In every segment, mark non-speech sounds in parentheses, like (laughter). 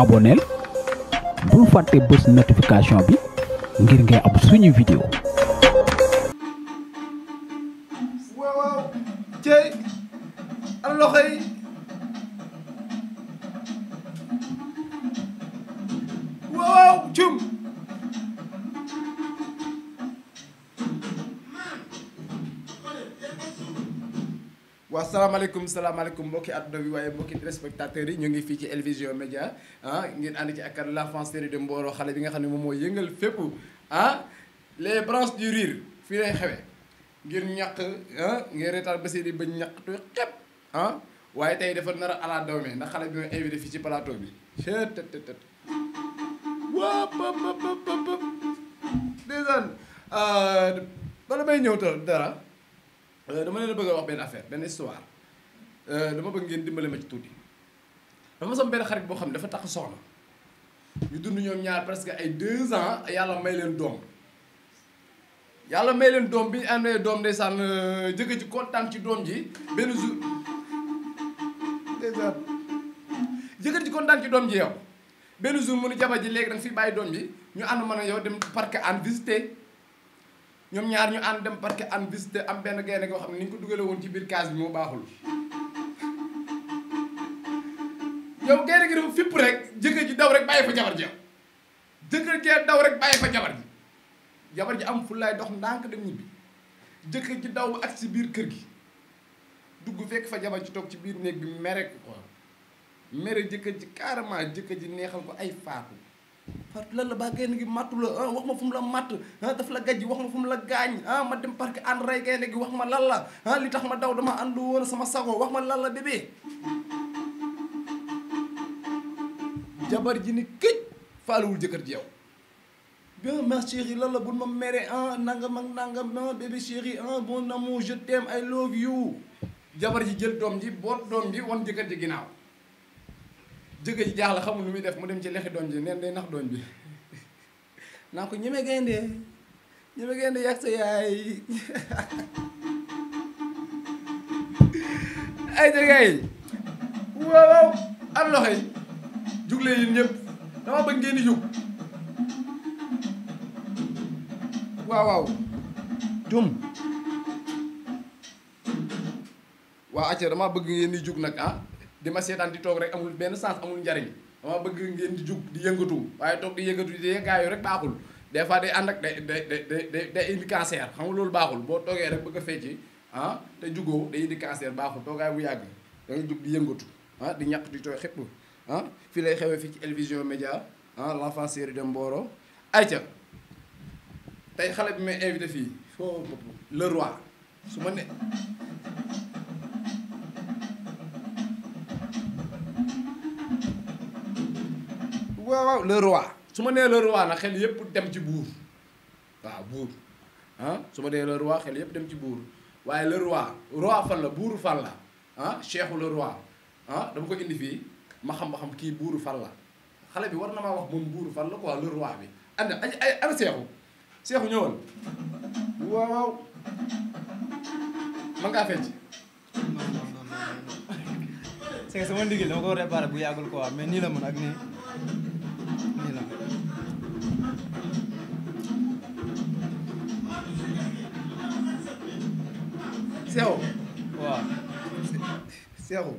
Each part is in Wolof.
aboneel bul fàtte bës notification bi ngir ngay am suñu vidéo alaikum asalaamaaleykum salaamaaleykum mbokki àdduna bi waaye mbokk téléspectateurs yi ñu ngi fi ci Elvision media ah ngeen and ci la france série de Mboro xale bi nga xam ne mo moo yëngal fépp ah les branches du rire fi lay xewé ngir ñak ah ngir reetaan ba seeni ba ñak tu xep ah waye tay dafa nara ala dawme ndax xale bi ma invité fi ci plateau bi tet tet tet waa pap pap pap désolé bala may ñëw ta dara dama leen bëgg a wax benn affaire benn histoire Euh, dama bëgg ngeen dimbale ma ci tuuti dafa sama benn xarit boo xam ne dafa takk soxna ñu dund ñoom ñaar presque ay deux ans yàlla may leen doom yàlla may leen doom bi ñu amee doom ndeysaan euh, jëkkër ji kontaan ci doom ji benn jour ndeysaan jëkkër ji kontaan ji yow benn jour mu ne ji léegi danga fi bàyyi doom ji ñu ànd man a yow dem parc en visité ñoom ñaar ñu ànd dem parc en visité am benn gaynde goo xam ne ni ñu ko dugale woon ci biir case bi moo baaxul yow gaynde gi dafa rek jëkkër ji daw rek bàyyi fa jabar ji yow jëkkër jee daw rek bàyyi fa jabar ji jabar ji am fullaay dox ndànk dem ñibbi jëkkër ji daw ak si biir kër gi dugg fekk fa jabar ji toog ci biir néeg bi mere ko mere jëkkër ji carrément jëkkër ji neexal ko ay faatu parce que lan la baa gaynde gi màttu la ah, wax ma fu mu la màtt ah, daf la gajj wax ma fu mu la gaañ ah, ma dem parc ànd rey gaynde gi wax ma lan la li tax ma daw dama ànd woon sama sago wax ma lan la bébé jabar ji ni këj faaluwul jëkkër ji yow bien ma chérie lan la bul ma mere ah nangam ak nangam ah bébé chérie ah bon amour je t'aime I love you jabar ji jël doom ji boot doom ji wan jëkkër ji ginnaaw jëkkër ji jaaxle xamul lu muy def mu dem ci lexi doom ji neen day nax doom bi (laughs) naa ko ñeme gaynde ñeme gaynde yàgg sa yaay (laughs) ay jëgay am loxo yi juglee yéen ñëpp dama bëgg ngeen di jug waaw waaw jum waaw acca dama bëgg ngeen di jug nag ah di ma seetaan di toog rek amul benn sens amul njariñ dama bëgg ngeen di jug di yëngatu waaye toog di yëngatu di yeggaayu rek baaxul des fois day ànd ak day day day day indi cancer xam nga loolu baaxul boo toogee rek bëgg a fecci ah te jugoo day indi cancer baaxul toogaay bu yàgg da ngay jug di yëngatu ah di ñàkk di tooy xëpp Ah, fii lay xewee fii ci Elvision Média ah l'enfant série de Mboro ayca tey xale bi may invité fii foo bopp le roi su ma ne waaw waaw su ma nee le roi nag xel yëpp dem ci buur waaw buur ah su ma dee le roi xel yëpp dem ci buur waaye le roi roi fan la buur fan la ah le roi ah, dama ko indi fii ma xam ma kii buuru fan la xale bi war na maa wax moom buuru fan la quoi le roi bi ana seexu seexu ñëwal waaw waaw man ngaa fecc c'est que sama ndigil dama ko réparé bu yàggul quoi mais nii la mën ak nii nii la seexu waaw seexu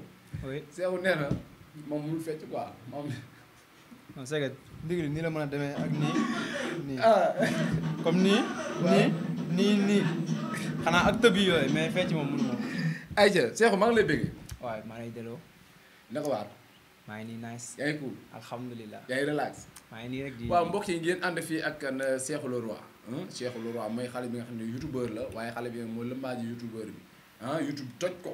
seexu nee na moom mënul fecc quoi moom. (laughs) non c'est que ndigal nii la mën a demee ak nii. nii ah. comme nii. nii nii xanaa ak tëb yi yooyu mais fecc moom mënu ma. ayca Cheikhou maa ngi lay bëgg. waaw maa ngi lay delloo. naka waar. maa ngi nii nice. yaa ngi cool. alhamdulilah yaa ngi relax. maa ngi nii rek di. waaw mbokk yi ngeen ànd fii ak waa Leroy. Cheikhou Leroy mooy xale bi nga xam ne youtubeur la waaye xale bi mooy lëmbaaji youtubeur bi ah youtube toj ko.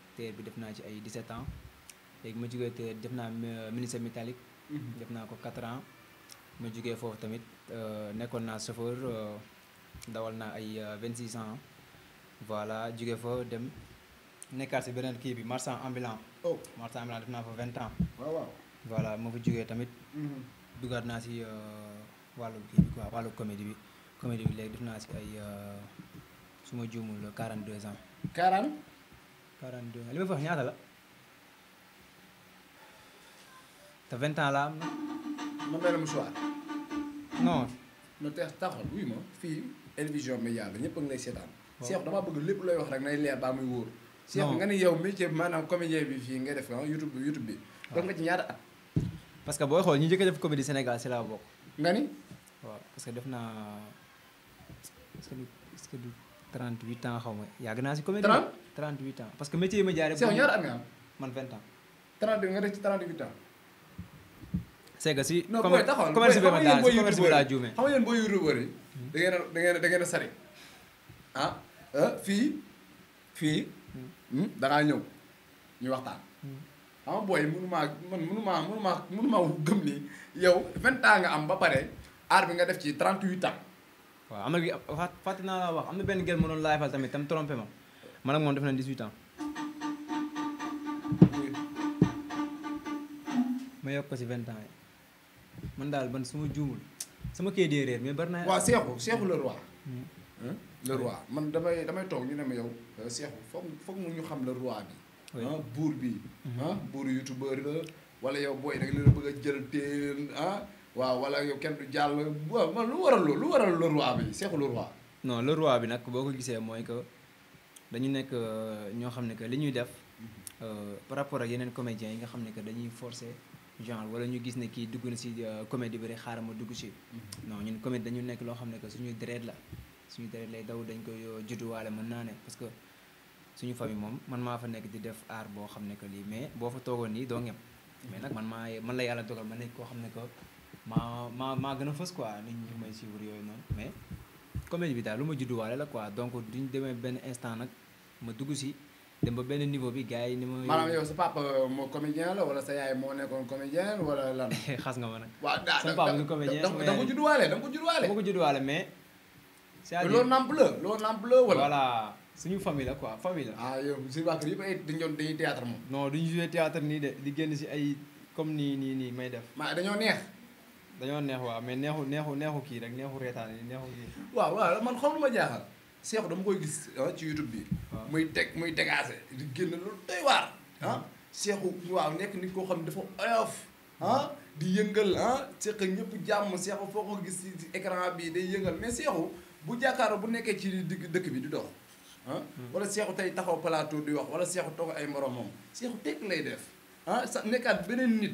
terre bi def naa ci ay 17 ans léegi ma jugee terre def naa ministère métallique def naa ko 4 ans ma jugee foofu tamit nekkoon naa chauffeur dawal naa ay 26 ans voilà jugee fa dem nekkaat si beneen kii bi marchand ambulant oh marchand ambulant def naa fa 20 ans waaw waaw voilà ma fa jugee tamit dugaat naa si wàllu kii bi quoi wàllu comédie bi comédie bi léegi def naa si ay su ma juumul 42 ans 40 42 li ma fi wax ñaata la te 20 ans ma mel mouchoir. non. no te taxul wuy ma fii Elvision Média la ñëpp a ngi lay seetaan. waaw Cheikh damaa bëgg lépp looy wax rek nay leer baa muy wóor. non Cheikh nga ni yow métier bi maanaam bi fii nga def YouTube YouTube bi. waaw nga ci ñaata at. parce que booy xool ñi njëkk def comédie Sénégal si laa bokk. nga ni. Pas parce que def naa ce que ce que 38 ans xaw ma yàgg naa si comédie. 30 38 ans parce que métier yi ma jaaree. Seydou ñaar at nga am. man 20 ans. 30 nga def ci 38 ans. c'est que si. non booy taxaw commerce bi ma daal commerce bi laa juumee. xam ngeen booy youtubeur yi. da ngeen a da ngeen a da ngeen sari ah fii fii. da ngaa ñëw ñu waxtaan. xam nga booy mënumaa man mënumaa mënumaa mënumaa gëm ni yow 20 ans nga am ba pare aar bi nga def ci 38 ans. waaw am na fàtte naa la wax am benn gel ma doon laay fal tamit tam trompé ma man ak moom def na 18 ans. ma yokk ko si 20 ans yi man daal ban su ma juumul sama kii dee réer mais bari naa. waaw Seexu Seexu hmm. hmm? le roi. man damay damay toog ñu ne ma yow Seexu euh, foog foog ñu xam le roi bi. Ah, buur bi. Hmm. Ah, buur youtubeur la wala yow booy rek la bëgg a jël teel ah, waaw wala yow kenn du jàll waaw man lu waral loolu lu waral le roi bi Cheikhou le roi. non le roi bi nag boo ko gisee mooy que dañu nekk euh, ñoo xam ne que li ñuy def mhm. euh, par rapport ak yeneen comédiens yi nga xam ne que dañuy forcer genre wala ñu gis ne kii dugg na si euh, comédie bi rek xaaral ma dugg si. Mhm. non ñun comédie dañu nekk loo xam ne que suñuy deret la suñu deret lay daw dañ koy judduwaale mën naa ne parce que suñu famille moom man maa fa nekk di def aar boo xam ne que lii mais boo fa toogoon nii doo ngem mhm. mais nag man maa man la yàlla dogal ma nekk koo xam ne que. maa maa maa gën a fës quoi nit ñi may suivre yooyu noonu mais comédie bi daal lu ma judduwaale la quoi donc duñ demee benn instant nag ma dugg si dem ba benn niveau bi gars yi ni ma. maanaam yow sa euh, la wala sa yaay moo nekkoon comédien wala lan. (laughs) xas nga ma nag. waaw daa sama judduwaale da nga ko judduwaale. da mais. c'est-à-dire loolu nàmp la loolu suñu famille la quoi famille la. ah yow si wàllu dañuy théâtre moom. duñu joué théâtre nii de di génn si ay comme nii nii nii may def. maa dañoo neex. dañoo neex waaw mais neexu neexu neexu kii rek neexu reetaan yi neexu kii. waaw waaw man xam lu ma jaaxal. Seexu dama koy gis ah, ci YouTube bi. Ah. muy teg muy tegaase di génn lu doy waar. Ah. Seexu waaw nekk nit koo xam dafa oyof. ah di yëngal ah Seex ñëpp jàmm Seexu foo gis ci écran day yëngal mais Seexu bu jàkkaaroo bu nekkee ci digg dëkk bi di dox. ah hmm. wala Seexu tey taxaw palaato di wax wala Seexu toog ay moromam Seexu teg lay def ah sa nekkaat beneen nit.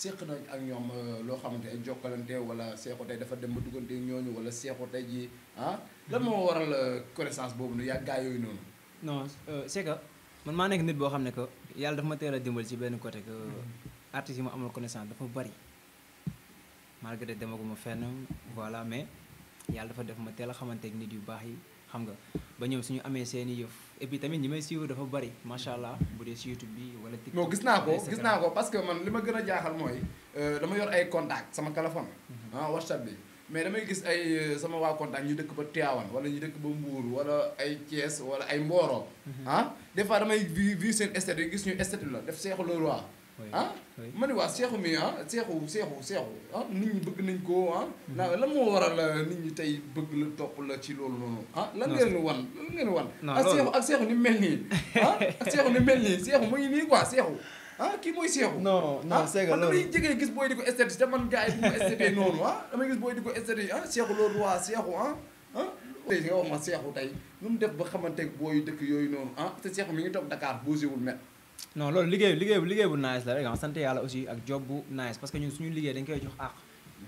séq nañ ak ñoom euh, loo xamante ay jokkalante wala seexu tey dafa dem ba duggante ñooñu wala seexu tey ji ah lan moo waral euh, connaissance boobu nu yàgg gaa yooyu noonu non euh, c'est que man maa nekk nit boo xam ne que yàlla dafa ma teel a dimbal ci benn côté que mm-hmm. artistes yi ma amal connaissance dafa bari malgré demaguma fenn voilà mais yàlla dafa def ma teel a xamante ak nit yu baax yi xam nga ba ñoom ñu amee seen i yëf et puis tamit ñi may suivre dafa bari macha allah bu dee si YouTube bi wala TikTok. non gis naa ko gis naa ko parce que man li ma gën a jaaxal mooy euh, dama yor ay contact sama téléphone. Mhm. ah WhatsApp bi mais damay gis ay euh, sama waa contact ñu dëkk ba Tivaouane wala ñu dëkk ba Mbour wala ay Thiès wala ay Mboro. Mhm. ah des fois damay vu vu seen statut yi gis ñu statut la def Cheikh Leroy. ah ma ne waa seexu mi ah seexu seexu seexu ah nit ñi bëgg nañ ko ah. Mhm. naa la moo waral euh, nit ñi tey bëgg la topp la ci loolu noonu ah. lan ngeen wan lan ngeen wan. ak seexu ak seexu ni mel nii ah seexu ni mel nii seexu mu ngi nii quoi seexu. ah kii mooy seexu. non non ah, seega loolu man ah, damay gis booy di ko esthétique te man gars di ko esthétique ah seexu loolu waa seexu ah ah. tey nga wax ma seexu tey nu mu def ba xamante booy dëkk yooyu noonu ah te seexu mi ngi toog Dakar bougéwul met non loolu liggéey liggéey bu liggéey bu nice la rek ah sant yàlla aussi ak job bu nice parce que ñun suñu liggéey dañ jox àq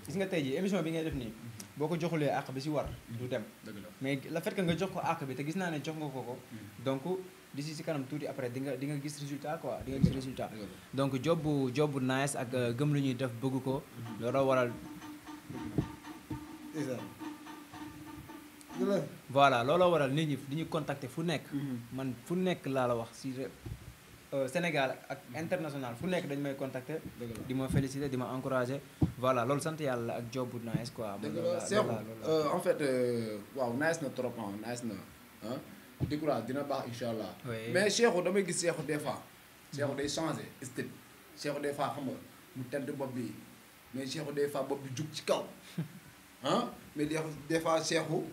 gis nga tey ji émission bi ngay def nii boo ko joxulee àq bi si war du dem mais le fait que nga jox ko àq bi te gis naa ne jox nga ko ko hmm. donc di si si kanam tuuti après di nga di nga gis résultat quoi di nga gis résultat donc job bu job bu nice ak euh, gëm lu ñuy def bëgg ko hmm. looloo waral voilà looloo waral nit ñi di ñu contacter fu nekk hmm. man fu nekk laa la wax si Euh, Sénégal ak international fu nekk dañ may contacter. di féliciter encourager. voilà loolu sant yàlla ak job nice quoi. Euh, en fait euh, nice trop hein, nice hein. dina mais Cheikhou damay gis Cheikhou des fois. Cheikhou day changé Cheikhou des mais Cheikhou des fois bopp bi (laughs) hein? mais des fois Cheikhou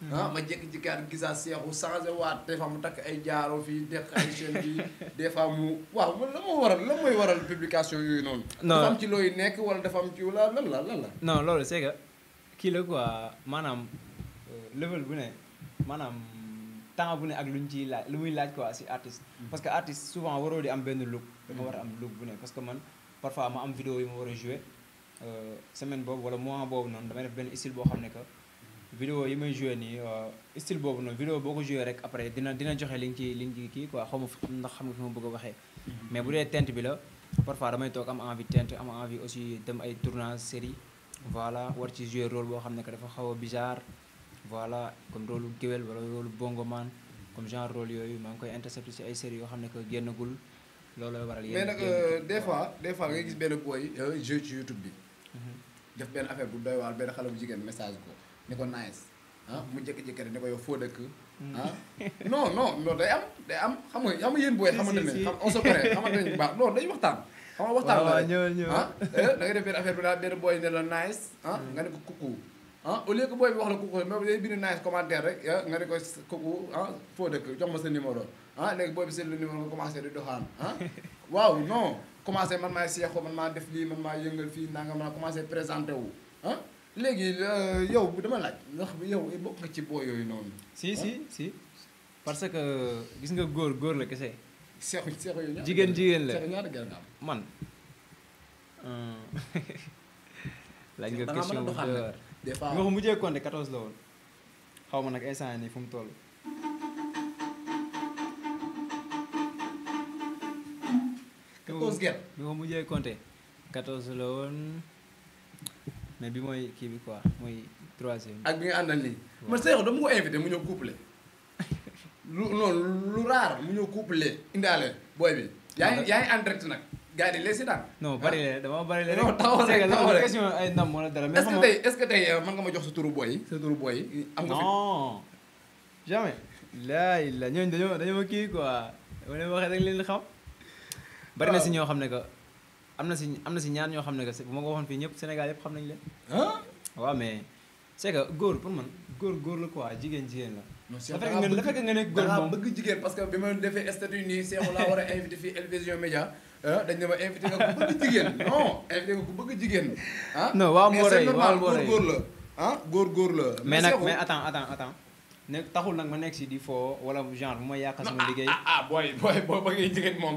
Mm-hmm. ah ma jékki-jékkaat gisaat seexu changé waat des mu takk ay jaaro fii def ay chaîne bi (laughs) des fois mu waaw la ma waral la mooy waral publication yooyu noonu. non am ci looy nekk wala dafa am ci la la lan la. non loolu c'est kii la quoi maanaam euh, level bu ne maanaam temps bu ne ak lu ñu ci laaj lu muy laaj quoi si artiste. Mm-hmm. parce que artiste souvent waroo di am benn look. dama war a am mm-hmm. look bu ne parce que man parfois ma am vidéo yi ma war a joué euh, semaine boobu wala mois boobu noonu damay def benn style boo xam ne que. vidéo yi may joué nii euh, style boobu noonu vidéo boo ko joué rek après dina dina joxe li nga ci li kii quoi xaw ma ndax xam nga fi ma bëgg a waxee mhm. mais bu dee tent bi la parfois damay toog am envie teinte am envie aussi dem ay tournage série voilà war ci joué role boo xam ne que dafa xaw a bizarre voilà comme rôle géwél wala rôle bongoman comme genre rôle yooyu maa ngi koy intercepté ci ay série yoo xam ne que génnagul loolu la waral yéen mais nag euh, des fois des fois nga gis benn booy jeu ci YouTube bi mhm. def benn affaire bu doy waar benn xale jigéen message ko ni ko nice ah, mu jékki-jékki rek ni ko yow foo dëkk mm. ah? no non non day am day am xam nga xam nga yéen booy xamante xam on se connaît xamante xam nga waxtaan la ah eh, da ngay def benn affaire bi daal benn booy ne la nice ah mm. nga ne ko coucou ah au lieu que booy bi wax la coucou mais day bind nice commentaire rek ah, nga ne ko coucou ah foo dëkk jox ma sa numéro ah léegi booy bi seen numéro nga commencé di doxaan ah (laughs) waaw non commencé man maay seexoo man maa def lii man maa yëngal fii nanga man a commencé présenté wu léegi euh, yow dama laaj ndax yow bokk nga ci boo yooyu noonu. si ah. si si parce que gis nga góor góor la kese. seexu seexu jigéen jigéen la man. (laughs) laaj nga question bu doy des fois nga ko mujjee compter 14 xaw ma nag instant fu mu toll. nga ko mujjee compter 14 la woon. mais bi mooy kii bi quoi mooy troisième. ak bi nga àndal nii man Seyxu dama ko invité mu ñëw couplé lu noonu lu raar mu ñëw couplé indaale booy bi. yaa ngi yaa ngi en direct nag gars yi léegi si daan. non bari leen dama bari leen. non taxaw rek taxaw rek na ay ndam wala dara. mais est-ce que euh, nga ma jox sa turu booy yi sa turu booy yi. am nga fi non jamais. laay la ñooñu dañoo dañoo kii quoi wala waxee rek leen xam. bari na si ñoo xam ne que. am na si am na si ñaar ñoo xam ne que bu ma ko waxoon fii ñëpp Sénégal yëpp xam nañ leen. waaw mais c'est que góor pour man góor góor la quoi jigéen jigéen la. monsieur Ba nga nga ne góor moom parce que bi ma defee statut nii bëgg jigéen non invité nga ku bëgg jigéen ah. non waaw la ah góor góor la. mais nag mais attends attends attends ne taxul nag ma nekk si di foo wala genre bu ma yàq sama ah, liggéey. ah ah booy booy jigéen moom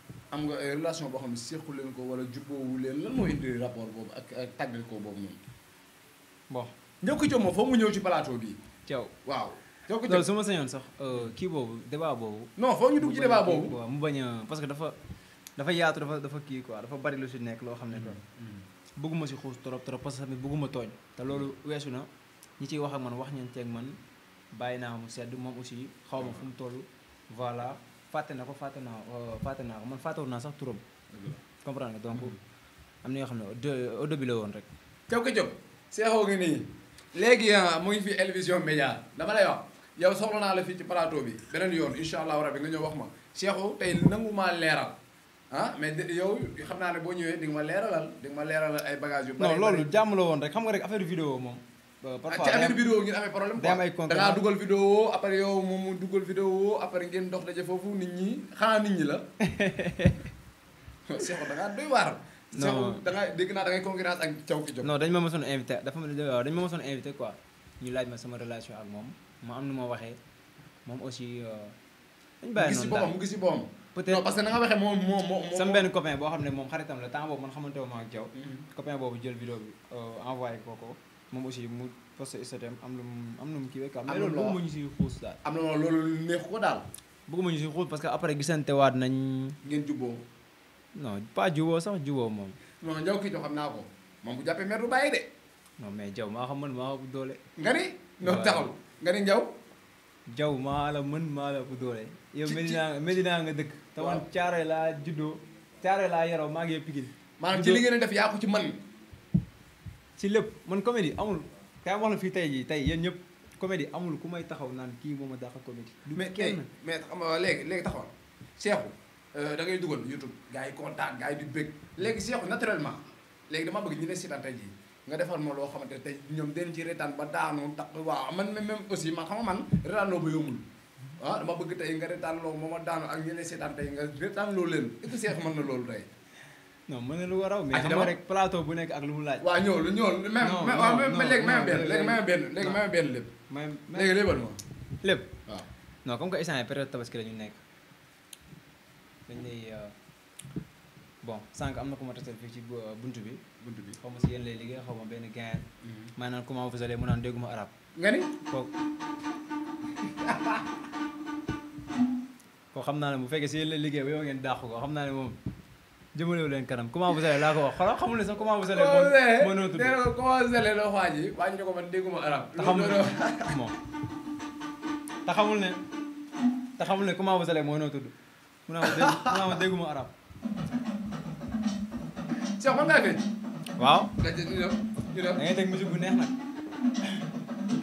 am nga relation boo xam ne sequ leen ko wala jubboowu leen lan moo indi rapport boobu ak ak tàggal ko boobu noonu. bon njëkk jox moom foofu mu ñëw ci plateau bi. Thiaw waaw. njëkk ci loolu su ma sañoon sax euh, kii boobu débat boobu. non foofu ñu dugg ci débat boobu. waaw mu bañ parce que dafa dafa yaatu dafa dafa kii quoi dafa bari lu si nekk loo xam ne quoi. bëgguma si xuus trop trop parce que tamit bëgguma tooñ. te loolu weesu na ñi ciy wax ak man wax ñan ceeg man bàyyi naa mu sedd moom aussi xaw ma fu mu toll voilà. fàtte na ko fàtte euh, naa ko man fàttewoon naa sax trop comprendre nga donc am na yoo xam ne au début la woon rek. Thiaw Ketchup seexoo ngi nii léegi euh, mu ngi fi Elvision Média dama lay wax yow soxla naa la fii ci plateau bi beneen yoon incha allahu rabi nga ñëw wax ma seexu tey nangu maa leeral. ah mais yow xam naa ne boo ñëwee di nga ma leeralal di nga ma leeralal ay bagages yu. bari non loolu jàmm la woon rek xam nga rek affaire vidéo moom. Euh, ah, parfois ci affaire vidéo ngeen amee problème quoi. day am ay contrat da ngaa dugal moom mu dugal vidéo après ngeen dox daje foofu nit ñi xanaa nit ñi la. (laughs) Cheikh da ngaa doy waar. non da ngaa dégg naa da ngay concurrence ak Thiaw ki jóg. non dañ ma mosoon invité dafa dañ ma mosoon invité quoi ñu laaj ma sama relation ak moom ma am nu ma waxee moom aussi. Euh, dañ bàyyi noonu daal mu gis si boppam mu si boppam. peut-être non parce que na waxee moom moom moom. sama benn copain boo xam ne moom xaritam la temps boobu man xamante ne moom ak Thiaw. Mm-hmm. copain boobu jël vidéo bi euh, envoyé ko ko. moom aussi mu posté Instagram am mu am lu mu kiiwee quoi. am na loo mais loolu bëgguma ñu si xuus daal. am na loolu lu neexu ko daal. bëgguma ñu si xuus parce que après gisante waat nañ. ngeen juboo. no pas juboo sax juboo moom. non njaw kii jox xam naa ko moom bu jàppee mer du bàyyi de. non mais Diaw maa xam man maa bu doole. nga ni non taxul nga ni Ndiaw. Diaw maa la mën maa la ko doole. yow Medina Medina nga dëkk. te man caare laa juddoo caare laa yaroo maa ngi Pikine. maanaam ci li ngeen def yaa ko ci man ci lépp man comédie amul kay wax la fii tey jii tey yéen ñëpp comédie amul ku may taxaw naan kii moom a dàqa comédie. du kenn mais mais xam nga léegi léegi taxawal Cheikhou euh, da ngay dugal YouTube gars yi kontaan gars yi di bëgg léegi Cheikhou naturellement léegi dama bëgg ñu ne seetaan tey jii nga defal ma loo xamante ne tey ñoom dañ ci retaan ba daanu tax waaw man même aussi man xam ma man retaanoo ba yombul ah dama bëgg tey nga retaanloo moom a daanu ak ñeneen seetaan tey nga retaanloo leen est na loolu tey non mën na lu ko raw mais xam nga e rek plateau uh, bu nekk ak lu mu laaj. waaw ñëw lu ñëw même. non non non benn léegi même benn léegi même benn lépp. même léegi léppal moom. lépp waaw. non comme que instant yii période tabaski am na ku ma ci buntu bi. buntu bi xaw ma si yéen lay maanaam comment vous allez mu naan dégguma arab. nga ni koo xam naa ni mu fekkee si yéen lay liggéey ba yow ngeen dàqu ko xam naa ne moom. jëmalewu leen kanam comment vous allez laa ko wax xoolal xamul ne sax comment vous allez. loo waaj yi waaj ñu ko man dégguma arab. te ne te xamul ne te xamul ne comment noo tudd mu naa ma dégg ma dégguma arab. Cheikh man ngaa fecc. waaw. nga jël ñu def ñu def. bu neex nag.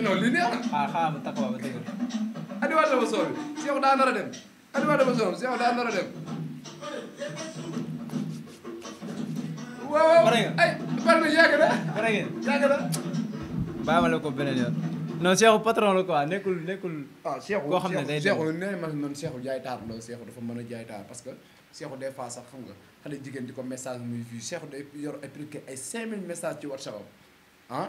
non li neex nag. ah ma taxawal ba dégg. Aliou Adama Sow bi Cheikh daa nar a dem Aliou Adama Sow Cheikh daa nar a dem. waaw pare nga ay pare nga yàgg na. pare ngeen na. ko beneen yoon. non Cheikhou patron la quoi nekkul nekkul. ah Cheikhou koo xam ne day Cheikhou nee man man Cheikhou jaay taar la Cheikhou dafa mën a jaay taar parce que Cheikhou des fois sax xam nga xale jigéen di ko message muy fii Cheikhou day yor appliqué ay 5000 message ci WhatsApp am ah.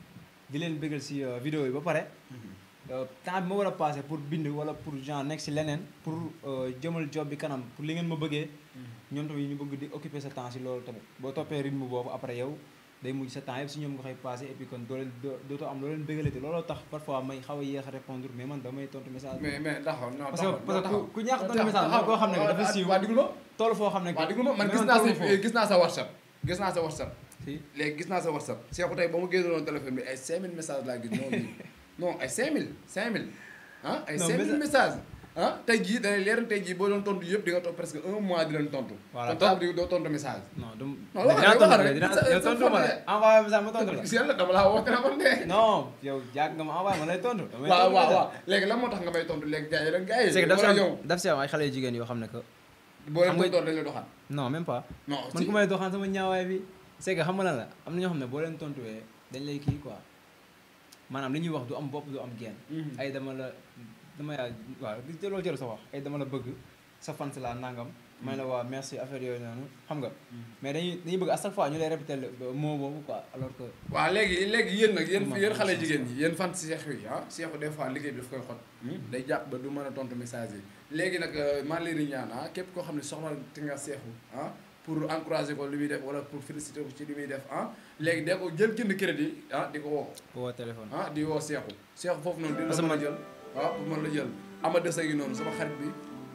di leen bëggal si euh, vidéo yi ba pare mm-hmm. euh, temps bi ma war a passé pour bind wala pour genre nekk si leneen pour euh, jëmal job bi kanam pour li ngeen ma bëggee mm-hmm. ñoom tamit ñu bëgg di occuper sa temps si loolu tamit boo toppee rythme boobu après yow day mujj sa temps yëpp si ñoom nga koy passé et kon doo leen dootoo am loo leen bëggalati looloo tax parfois may xaw a yéex a répondre mais man damay tontu message. mais mais taxaw non taxaw parce que ku ñàkk tontu message ne dafa siiw waa xam ne waa diglu ma man gis naa eh, gis naa sa whatsapp sa léegi gis naa sa whatsapp Cheikhou tey ba ma génnoon bi ay 5000 laa gis noonu non ay 5000 5000 ah da lay ah, leer na tey boo doon tontu yëpp di nga toog presque un mois tontu. voilà di doo tontu message. non du non dinaa tontu de la. si yàlla dama laa nga ma tontu. damay tontu waaw waaw nga may tontu léegi gars yi rek gars yi. am ay xale yu jigéen yoo xam ne que. boo leen doon doon dañ la doxaan. non même pas. non man ku bi. c'est que xam na lan la am na ñoo xam ne boo leen tontuwee dañ lay kii quoi maanaam li ñuy wax du am bopp du am genn mhm. ay dama la dama yaa waaw loolu jëru sa wax ay dama la bëgg sa fans la nangam mhm. may la waa merci affaire yooyu noonu xam nga mhm. mais dañuy dañuy bëgg à chaque fois ñu lay répéter mot boobu quoi alors que waaw léegi léegi yéen nag yéen yéen xale jigéen ñi yéen fans Cheikh yi ah Cheikh des fois liggéey bi daf koy xot hmm? day jàpp ba du mën a tontu message yi léegi nag euh, maa ngi leen ñaan ah képp koo xam ne soxla te nga Cheikh ah pour encourager ko lu muy def wala pour féliciter ko ci lu muy def ah léegi de ko jël jënd crédit ah di ko woo. woo téléphone ah di woo Seexu. Seexu foofu noonu. dina ma jël waaw ah, pour la jël. ama dese gi noonu sama xarit bi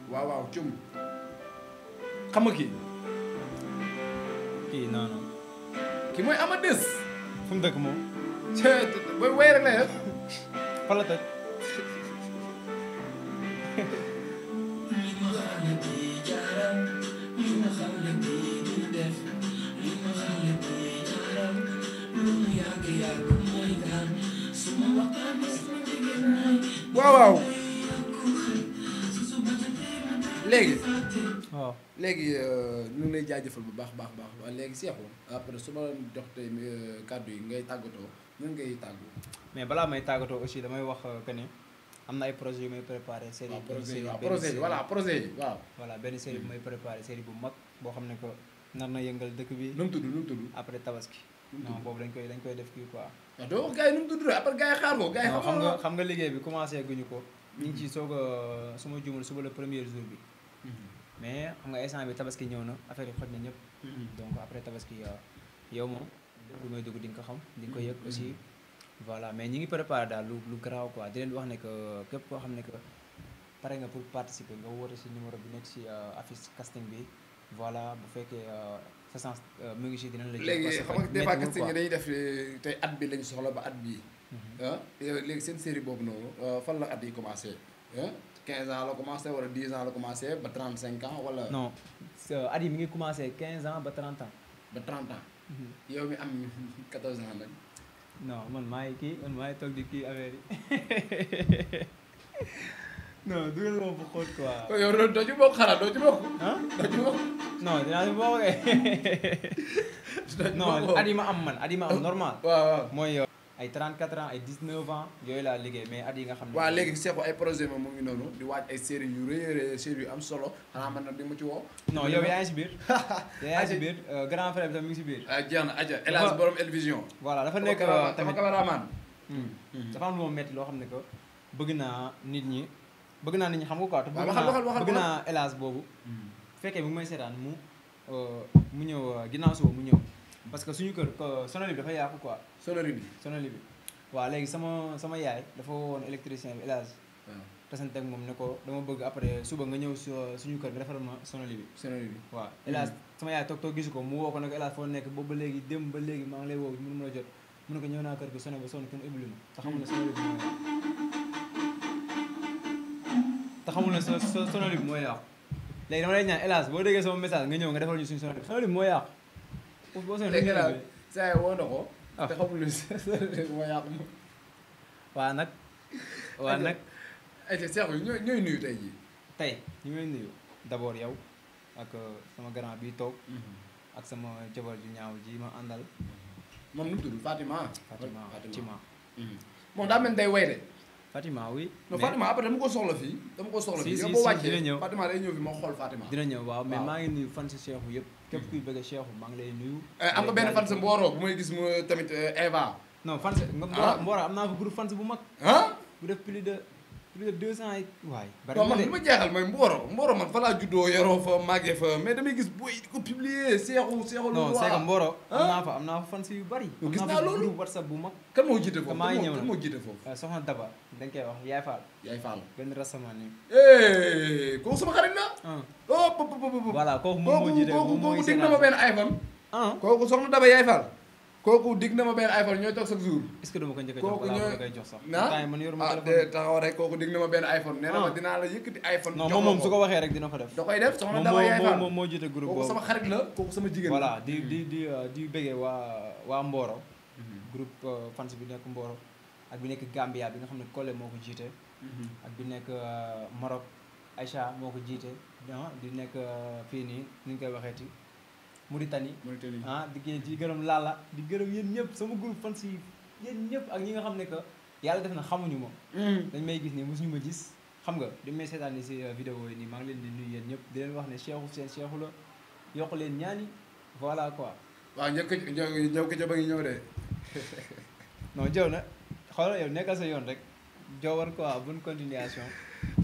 waaw waaw cum xam nga kii. kii non mooy ama des. fu mu dëkk moom. booy wéy rek la yëpp. waaw waaw léegi. waaw léegi euh, ñu ngi lay jaajëfal bu baax baax baax waaye léegi Cheikh après su ma jox tey euh, kàddu yi ngay tàggatoo nan ngay tàggu. mais balaa may tàggatoo aussi damay wax euh, que am na ay projets yu may préparé. série projet yi voilà projet yi waaw. voilà benn série bu may préparé série bu mag boo xam ne ko nar na yëngal dëkk bi. nu mu tudd nu après tabaski. non boobu dañ koy dañ koy def kii quoi. waaw doo wax gars yi nu mu tudd après gars yi xaar ko gars yi xam nga xam liggéey bi commencé guñu ko. ñu ngi ci mm-hmm. soog a su ma juumul suba le premier jour bi. Mm-hmm. mais xam nga instant bi tabaski ñëw na affaire yi xoj ñëpp. Mm-hmm. donc après tabaski euh, yow moom. lu may dugg di nga ko xam di nga ko yëg aussi. voilà mais ñi ngi préparé daal lu lu garaaw quoi di wax ne que képp koo xam ne que pare nga pour participer nga woote si numéro bi nekk si euh, affiche casting bi voilà bu fekkee. Euh, présence euh, mu ngi si dinañ la. léegi xam nga des fois def tey at bi lañu soxla ba at bi mhm. ah léegi seen série boobu noonu euh, fan la at yi commencé ah 15 ans la commencé wala 10 ans la commencé ba cinq ans wala. non at yi mi ngi commencé quinze ans ba 30 ans. ba 30 ans. Mhm. yow mi am 14 (laughs) ans nag. non man maa ngi kii man maa ngi di kii affaire yi. (laughs) No, tú eres como Pocotcua. Yo ¿Ah? no, no llevo cara, (laughs) no llevo. (laughs) ¿Ah? No llevo. (laughs) No, no llevo. No, adima amman, adima am normal. Mooy yow ay 34 ans eh, ay 19 ans yooyu laa liggéey mais at yi nga xam ne. waaw léegi seexu ay projet ma ya, mu ngi noonu di waaj ay série yu rëy rëy série yu am solo xanaa man nag di ma ci woo. non yow yaa ngi si biir. yaa ngi si grand frère tam ngi si biir. jeex na aja El Hadj borom El Vision. voilà dafa nekk tamit sama cameraman. dafa am lu ma metti lo, xam ne que bëgg nit ñi. bëgg naa nit ñi xam ko quoi te bëgg naa bëgg naa hélas boobu hmm. fekkee bu may seetaan mu euh, mu ñëw euh, ginnaaw suba mu ñëw parce que suñu kër euh, sonali bi dafa yàqu quoi sonali bi sonali bi léegi sama sama yaay dafa woon électricien bi hélas tasante ak moom ne ko dama bëgg après suba nga ñëw suñu kër nga defaral ma sonali bi sonali bi waa hélas hmm. sama yaay toog toog gisu ko mu woo ko ne ko hélas foo nekk boobu ba léegi dem ba léegi maa ngi lay wow mënu ma jot mu ne ko ñëw naa kër gi soné ba sonn kenn ébli te xamul ne sonali bi xamul ne sa sonalib mooy yàqu léegi dama lay ñaan hélas boo déggee sama message nga ñëw nga defal ñu suñu sonalib sonalib mooy mhm. yàqu boo sonalib saa yi woo na ko te xamul ne sonalib mooy yàqu waa nag waa nag ay seex bi ñooy ñooy nuyu tey jii tey ñu ngi nuyu d'abord yow ak sama grand bi toog ak sama jabar ju ñaaw ji ma àndal moom nu mu tudd Fatima Fatima Fatima moom daa mel day way de Fatima oui. mais Fatima après dama ko soxla fii. dama ko soxla fii yow boo wàccee Fatima day ñëw fi ma xool Fatima. dina ñëw waaw mais maa ngi nuyu fan si yëpp. képp kuy bëgg Cheikhou maa ngi lay nuyu. Eh, am nga benn fan sa bu may gis mu tamit eh, Eva. non fan sa ah. Mboro am naa fa groupe fan bu mag. bu def plus de. plus de deux ans ay waay. bari man li ma jeexal mooy Mboro Mboro man fa laa juddoo yoroo fa màggee fa mais damay gis booy di ko publier seexu seexu. non c'est que ah? am naa fa am naa fa fan si yu bari. gis naa loolu groupe WhatsApp bu mag. kan moo jiite foofu kan moo jiite foofu. Ah, soxna Daba dañ koy wax Yaay Fall. Yaay Fall benn rassemblement nii. Eh, kooku sama xarit la. Ah. oh pop pop pop. voilà kooku moom moo jiite moom moo jiite kooku kooku dig na ma benn iPhone. kooku soxna Daba Yaay Fall. kooku dig na ma benn iPhone ñooy toog chaque jour. est-ce que dama ko njëkk a jox balaa ma koy jox sax. Ah, taxaw rek kooku dig na ma benn iPhone. nee na ah. ma dinaa la yëkkati iPhone. jox moom moom su ko waxee rek dina ko def. da koy def soxna Daba moo jiite groupe di di di euh, waa waa Mboro. Mhm. groupe euh, fans bi nekk Mboro ak bi nekk Gambia bi nga xam ne Kole moo ko jiite. Mhm. ak bi nekk euh, Maroc Aïcha moo ko jiite. Ah, di nekk fii nii nu ñu koy waxee ti Mauritanie ah di kii di gërëm Lalla di gërëm yéen ñëpp sama groupe fans yi yéen ñëpp ak ñi nga xam ne que yàlla def na xamuñu ma mm. dañ may gis ne suñu ma gis xam nga du may seetaan ni si euh, vidéo yi nii maa ngi leen di nuyu yéen ñëpp di leen wax ne Cheikhou seen Cheikhou la yokk leen ñaani voilà quoi waaw ñëw ñëw ko ca ba ngi ñëw de (laughs) non jow na xoolal yow nekkal sa yoon rek jowar quoi bon continuation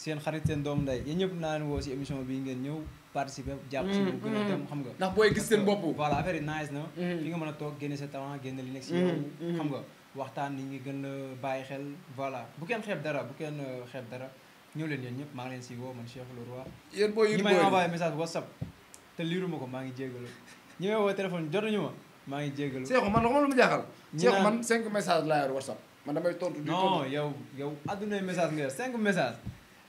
seen xarit seen doom nday yéen ñëpp naa leen woo si émission bi ngeen ñëw participer jàpp si lu gën a xam nga ndax booy gis seen bopp voilà affaire yi nice na li mm-hmm. nga mën a toog génne sa talent génne li nekk si mm-hmm. yow mm-hmm. xam nga waxtaan ni ngi gën a bàyyi xel voilà bu kenn xeeb dara bu kenn euh, xeeb dara ñëw leen yéen ñëpp maa ngi leen si woo man Cheikh Leroy yéen booy ñi may envoyé message whatsapp te liiruma ko maa ngi jégalu ñi woo téléphone jotuñu ma maa ngi jégalu Cheikh man xamal lu ma jaaxal Cheikh man cinq message laa yor whatsapp man damay tontu non yow yow adduna message nga message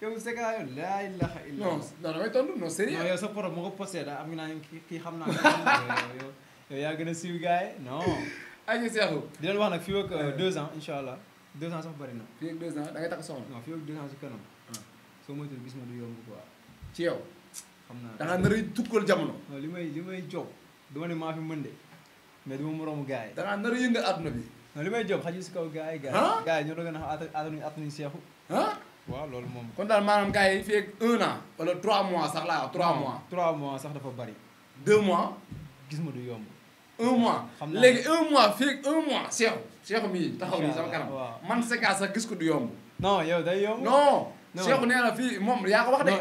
yow c' est laa ilaha illa non non damay tontu yow sa poro moo ko posté da am nga xam naa yow na yaa gën a siiw gars yi wax nag fii ak deux ans incha allah deux ans sax bëri na. fii ak deux ans da ngay takk soxna. gis ma du yomb quoi. ci yow. xam naa da ngaa nar jamono. non li may li may job duma ne maa fi mën de mais duma moroomu gars yi. da ngaa nar a yëngal àdduna bi. non li may job xajul si kaw gars yi. gars yi ñoo doon waaw loolu moom. kon daal maanaam gars yi fii ak un an wala trois mois sax laa wax trois mois. trois mois sax dafa bari. deux mois. gis ma du yomb. un mois xam léegi un mois fii ak un mois. Cheikh Cheikh taxaw nii sama kanam. man sa sax gis ko du yomb. non yow day yomb. non Cheikh nee na fii moom yaa ko wax de.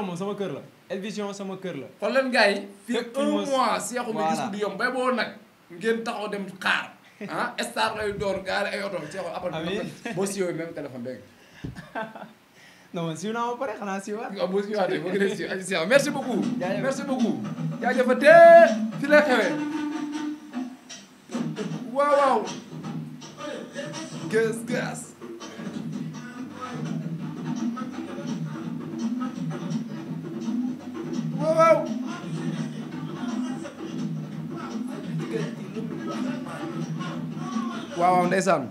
non El sama kër la. El Vision sama kër la. kon leen gars yi. fii ak un mois Cheikh mi gis ko du bay boo nag ngeen taxaw dem xaar. ah star lay door gaari ay oto Cheikh après boo siiwee même téléphone beeg. (laughs) non man siiw naa ba pare xanaa siiwaat. waaw boo siiwaatee boo gënee siiw siiw merci beaucoup. (laughs) merci beaucoup. jaajëfatee fi lay xewee. waaw waaw. gës gës. waaw waaw. waaw waaw ndeysaan.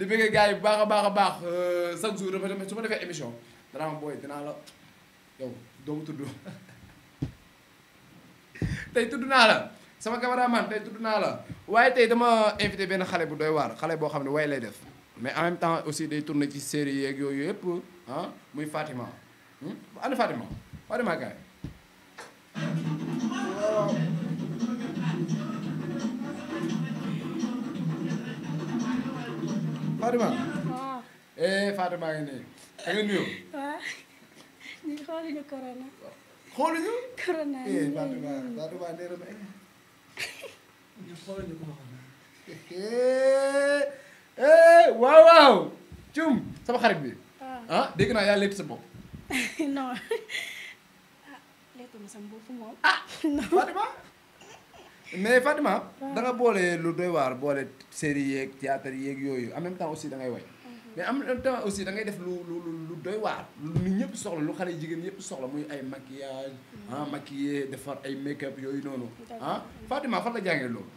di bëggee gars yi baax a baax a baax euh, chaque jour dafa demee su ma defee émission danaa am booy dinaa la yow doomu tudd (laughs) tey tudd naa la sama cameraman tey tuddu naa la waaye tey dama invité benn xale bu doy waar xale boo xam ne way lay def mais en même temps aussi day tourné ci série yeeg yooyu yëpp ah muy Fatima hmm? ana Fatima Fatima gars Fatima eh Fatima ngi nii da nga nuyoo. waaw ah, ñu xooluñu corona. xooluñu. corona eh Fatima Fatima nee na ma eh. ñu xooluñu corona. Eh, eh waaw waaw. cum sama xarit bi. ah, ah dégg naa yaa létt sa bopp. (laughs) non ah ma sama bopp ah (laughs) Fatima. mais Fatima da nga boole lu doy waar boole série yeeg théâtre yéeg yooyu en même temps aussi da ngay way mais am même temps aussi da ngay def lu lu lu doy waar lu ñëpp soxla lu xale jigéen ñëpp soxla muy ay maquillage mm. ah maquillé defar ay make up yooyu noonu ah Fatima fan la jàngee loolu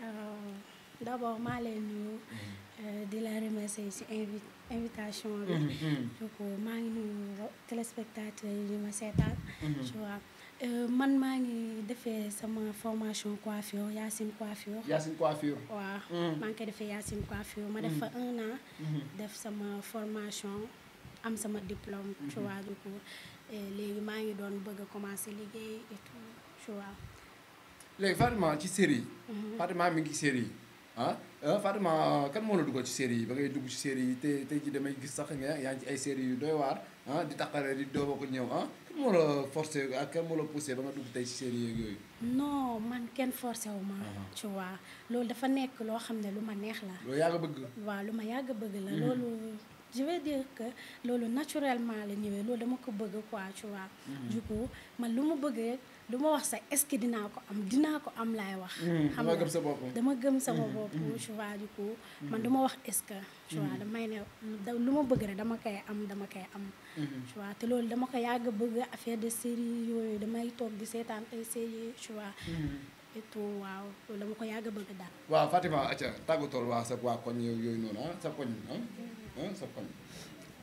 euh, d' abord maa lay nuyu mm. euh, di la remercier ci invi invitation bi mm-hmm. donc maa ngi nuyu téléspectateurs yi ma seetaan mm-hmm. Euh, man maa ngi sama formation coiffure yassine coiffure. Yacine coiffure. wa mm. maa ngi defé yassine Yacine coiffure. ma def mm. un an. Mm-hmm. def sama formation am sama diplôme. tu mm-hmm. vois du coup ngi doon bëgg commencer et tout tu vois. Fatima série. Mm-hmm. Fatima mi série ah, ah Fatima kan mo la dugg ci série ba ngay dugg ci série té té ci damay gis sax nga yaa ci ay série yu doy ah, di di ah. E e no, la forcé ba nga non man forcé wu tu vois lolou dafa nek lo xamné ne neex la. lo yaga mm. je veux dire que naturellement la niveau lolou dama quoi tu vois. du coup man du ma wax sa est-ce que dinaa ko am dinaa ko am laay wax. Hmm, xam nga dama gëm sa bopp dama gëm sama hmm, bopp. Hmm. tu vois man du ma wax est-ce que. tu vois damay ne lu ma bëgg rek dama koy am dama koy am. tu te loolu dama ko yàgg bëgg affaire de série yooyu damay toog di seetaan ay série tu vois. et tout waaw loolu dama ko yàgg bëgg daal. waaw Fatima acca tàggatoo waa sa waa koñ yooyu noonu ah, sa koñ ah, ah, sa koñ.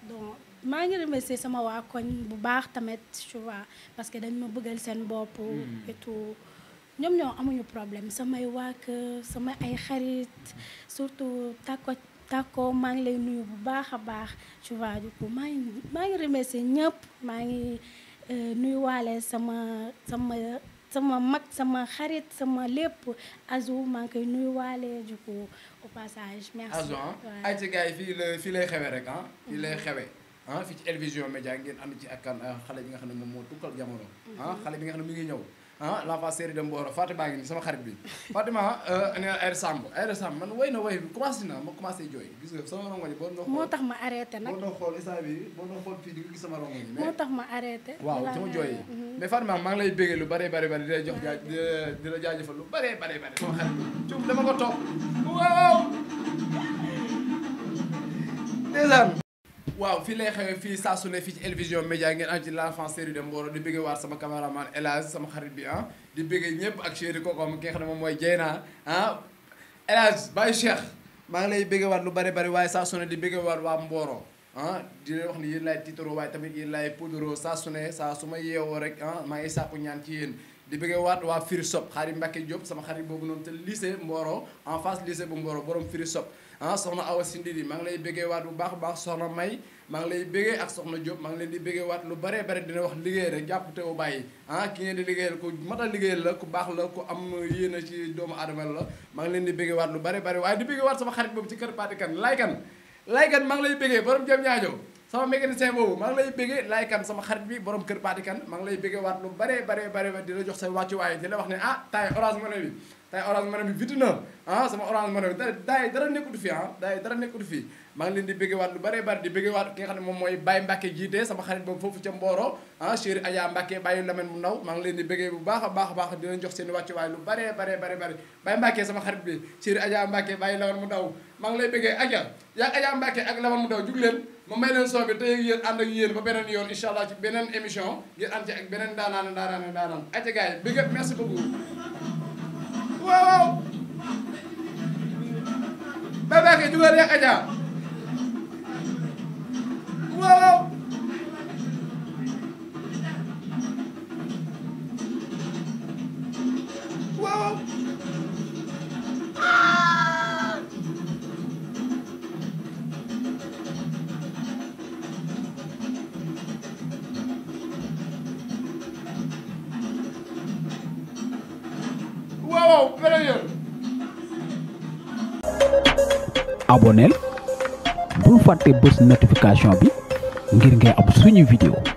donc maa ngi remercier sama waa koñ bu baax tamit tu vois parce que dañ ma bëggal seen bopp. Mm. et tout ñoom ñoo amuñu problème samay waak sama ay xarit surtout takko takko maa ngi lay nuyu bu baax a baax tu vois du coup maa ngi maa ngi remercier ñëpp maa ngi euh, nuyuwaale sama sama. sama mag sama xarit sama lépp Azou maa ngi koy nuyuwaale du coup au passage. merci Azou ah ayca gars fii lay xewee rek ah. fii lay mhm. xewee ah fii ci El Vision Médias ngeen ànd ci ak ah, xale bi nga xam ne moom moo tukkal jamono. Mhm. ah xale bi nga xam ne mi ngi ñëw. ah l'enfant série de Mboro Fatima ngi nii sama xarit bi Fatima euh, nee na Aïda man way na way bi commencé na ma commencé jooy gis nga sama rongoñ boo doon xool moo tax ma arrêté nag boo doon xool instant bi boo doon xool fii di nga gis sama rongoñ moo tax ma arrêté waaw sama jooy mhm. mais Fatima maa ngi lay bégee lu bëree bëri bëri di la jox jaaj di la jaajëfal lu bëree bëri bëri sama xarit bi cub dama ko topp waaw ndeysaan waaw fii lay xewee fii saa su ne fii ci Elvision media ngeen am ci l'enfant série de Mboro di bëggee waar sama kamera El Elas sama xarit bi ah di bëggee ñëpp ak chéri kookoom ki nga xam ne moom mooy Dieyna ah El Baye Cheikh maa ngi lay bëggee waat lu bari bari waaye saa su ne di bëggee waat waa Mboro ah di leen wax ni yéen laay tiitaroo waaye tamit yéen laay puudaroo saa su ne saa su ma yeewoo rek ah maa ngi sàkku ñaan ci yéen di bëggee waat waa Firi Sop Mbacke Diop sama xarit boobu noonu te lycée Mboro en face lycée bu Mboro borom ah soxna Awa Sindidi maa ngi lay béggee waat bu baax a baax soxna May maa ngi lay béggee ak soxna Diop maa leen di béggee waat lu bare bare dina wax liggéey rek jàpp te bàyyi ah ki ngeen di liggéeyal ku mat a liggéeyal la ku baax la am yéene ci doomu aadama la maa ngi leen di béggee waat bare bare waaye di béggee waat sama xarit boobu ci kër Paate Kan laykan laykan maa lay béggee borom jëm ñaajow sama mécanicien boobu maa ngi lay béggee laykan sama xarit bi borom kër Paate Kan maa lay béggee waat lu bare bare bare di la jox say wàccuwaay di la wax ne ah tay Orange Money bi tey orange money bi vite na ah sama orange money bi dara dara ah. maa ngi leen di béggewaat lu bëree bëri di béggewaat ki nga xam ne moom mooy Baye Mbacke jiite sama xarit boobu foofu ca Mboro ah chéri Adja Mbacke Baye maa ngi leen di béggee bu baax a baax a baax di leen jox seen wàccuwaay lu bëree bëree bëri bëri Baye Mbacke sama xarit maa ngi lay béggee Adja yaa Adja Mbacke ak Lamine mu ndaw jug leen ma may leen soobi tey yéen ànd ak yéen ba beneen yoon incha allah ci beneen émission ngeen ànd ci ak beneen daanaan daanaan daanaan Adja gars yi waaw bébé ki jugal ya aja aboneel bul fàtte bës notification bi ngir ngay am suñu vidéo